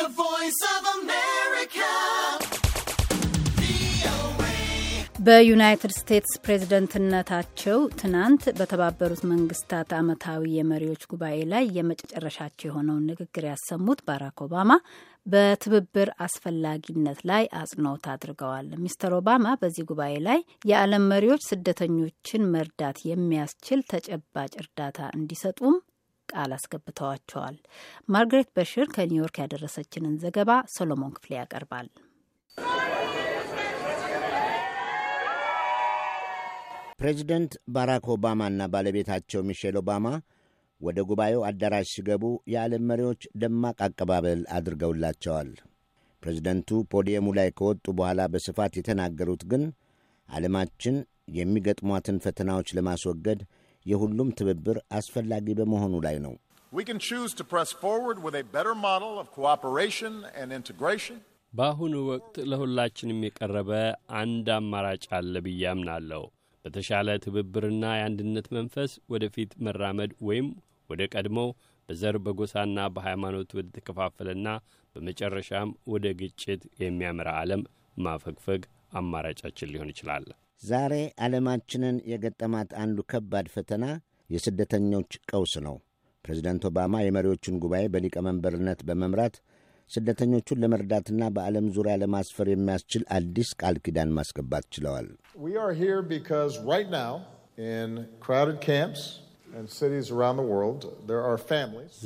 The Voice of America. በዩናይትድ ስቴትስ ፕሬዝደንትነታቸው ትናንት በተባበሩት መንግስታት ዓመታዊ የመሪዎች ጉባኤ ላይ የመጨረሻቸው የሆነውን ንግግር ያሰሙት ባራክ ኦባማ በትብብር አስፈላጊነት ላይ አጽንኦት አድርገዋል። ሚስተር ኦባማ በዚህ ጉባኤ ላይ የዓለም መሪዎች ስደተኞችን መርዳት የሚያስችል ተጨባጭ እርዳታ እንዲሰጡም ቃል አስገብተዋቸዋል። ማርግሬት በሽር ከኒውዮርክ ያደረሰችንን ዘገባ ሶሎሞን ክፍሌ ያቀርባል። ፕሬዚደንት ባራክ ኦባማና ባለቤታቸው ሚሼል ኦባማ ወደ ጉባኤው አዳራሽ ሲገቡ የዓለም መሪዎች ደማቅ አቀባበል አድርገውላቸዋል። ፕሬዚደንቱ ፖዲየሙ ላይ ከወጡ በኋላ በስፋት የተናገሩት ግን ዓለማችን የሚገጥሟትን ፈተናዎች ለማስወገድ የሁሉም ትብብር አስፈላጊ በመሆኑ ላይ ነው። በአሁኑ ወቅት ለሁላችንም የቀረበ አንድ አማራጭ አለ ብዬ አምናለሁ። በተሻለ ትብብርና የአንድነት መንፈስ ወደፊት መራመድ ወይም ወደ ቀድሞው በዘር በጎሳና በሃይማኖት ወደ ተከፋፈለና በመጨረሻም ወደ ግጭት የሚያመራ ዓለም ማፈግፈግ አማራጫችን ሊሆን ይችላል። ዛሬ ዓለማችንን የገጠማት አንዱ ከባድ ፈተና የስደተኞች ቀውስ ነው። ፕሬዚደንት ኦባማ የመሪዎቹን ጉባኤ በሊቀመንበርነት በመምራት ስደተኞቹን ለመርዳትና በዓለም ዙሪያ ለማስፈር የሚያስችል አዲስ ቃል ኪዳን ማስገባት ችለዋል።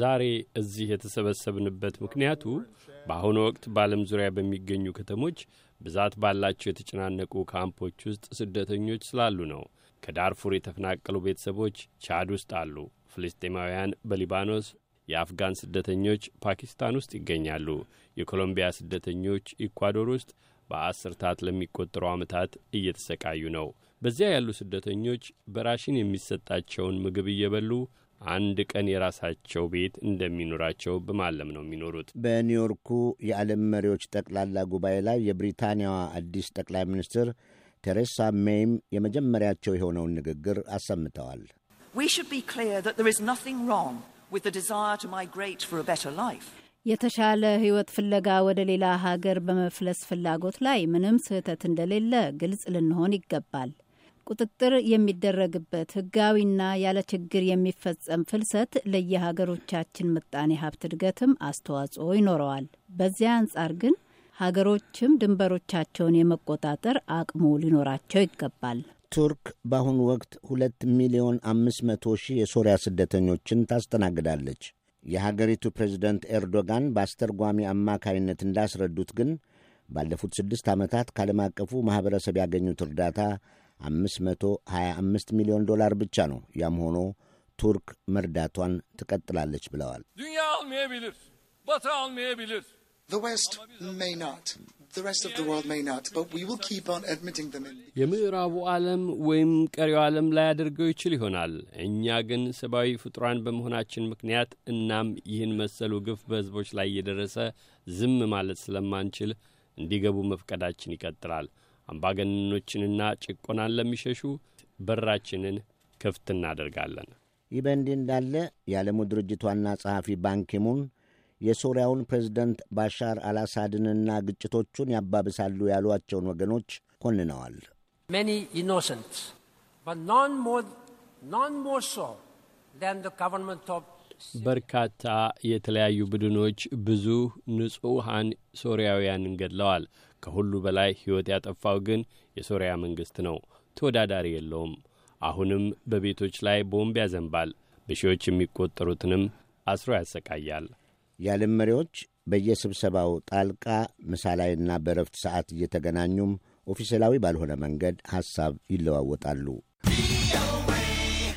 ዛሬ እዚህ የተሰበሰብንበት ምክንያቱ በአሁኑ ወቅት በዓለም ዙሪያ በሚገኙ ከተሞች ብዛት ባላቸው የተጨናነቁ ካምፖች ውስጥ ስደተኞች ስላሉ ነው። ከዳርፉር የተፈናቀሉ ቤተሰቦች ቻድ ውስጥ አሉ። ፍልስጤማውያን በሊባኖስ፣ የአፍጋን ስደተኞች ፓኪስታን ውስጥ ይገኛሉ። የኮሎምቢያ ስደተኞች ኢኳዶር ውስጥ በአስርታት ለሚቆጠሩ ዓመታት እየተሰቃዩ ነው። በዚያ ያሉ ስደተኞች በራሽን የሚሰጣቸውን ምግብ እየበሉ አንድ ቀን የራሳቸው ቤት እንደሚኖራቸው በማለም ነው የሚኖሩት። በኒውዮርኩ የዓለም መሪዎች ጠቅላላ ጉባኤ ላይ የብሪታንያዋ አዲስ ጠቅላይ ሚኒስትር ቴሬሳ ሜይም የመጀመሪያቸው የሆነውን ንግግር አሰምተዋል። የተሻለ ሕይወት ፍለጋ ወደ ሌላ ሀገር በመፍለስ ፍላጎት ላይ ምንም ስህተት እንደሌለ ግልጽ ልንሆን ይገባል። ቁጥጥር የሚደረግበት ህጋዊና ያለ ችግር የሚፈጸም ፍልሰት ለየሀገሮቻችን ምጣኔ ሀብት እድገትም አስተዋጽኦ ይኖረዋል። በዚያ አንጻር ግን ሀገሮችም ድንበሮቻቸውን የመቆጣጠር አቅሙ ሊኖራቸው ይገባል። ቱርክ በአሁኑ ወቅት ሁለት ሚሊዮን አምስት መቶ ሺህ የሶሪያ ስደተኞችን ታስተናግዳለች። የሀገሪቱ ፕሬዚደንት ኤርዶጋን በአስተርጓሚ አማካይነት እንዳስረዱት ግን ባለፉት ስድስት ዓመታት ከዓለም አቀፉ ማኅበረሰብ ያገኙት እርዳታ 525 ሚሊዮን ዶላር ብቻ ነው። ያም ሆኖ ቱርክ መርዳቷን ትቀጥላለች ብለዋል። የምዕራቡ ዓለም ወይም ቀሪው ዓለም ላይ አድርገው ይችል ይሆናል። እኛ ግን ሰብአዊ ፍጡራን በመሆናችን ምክንያት እናም ይህን መሰሉ ግፍ በሕዝቦች ላይ እየደረሰ ዝም ማለት ስለማንችል እንዲገቡ መፍቀዳችን ይቀጥላል። አምባገነኖችንና ጭቆናን ለሚሸሹ በራችንን ክፍት እናደርጋለን። ይህ በእንዲህ እንዳለ የዓለሙ ድርጅት ዋና ጸሐፊ ባንኪሙን የሶሪያውን ፕሬዝደንት ባሻር አልአሳድንና ግጭቶቹን ያባብሳሉ ያሏቸውን ወገኖች ኮንነዋል። ኢኖሰንት በርካታ የተለያዩ ቡድኖች ብዙ ንጹሐን ሶርያውያንን ገድለዋል። ከሁሉ በላይ ሕይወት ያጠፋው ግን የሶርያ መንግሥት ነው። ተወዳዳሪ የለውም። አሁንም በቤቶች ላይ ቦምብ ያዘንባል፣ በሺዎች የሚቆጠሩትንም አስሮ ያሰቃያል። የዓለም መሪዎች በየስብሰባው ጣልቃ ምሳ ላይና በረፍት ሰዓት እየተገናኙም ኦፊሴላዊ ባልሆነ መንገድ ሐሳብ ይለዋወጣሉ።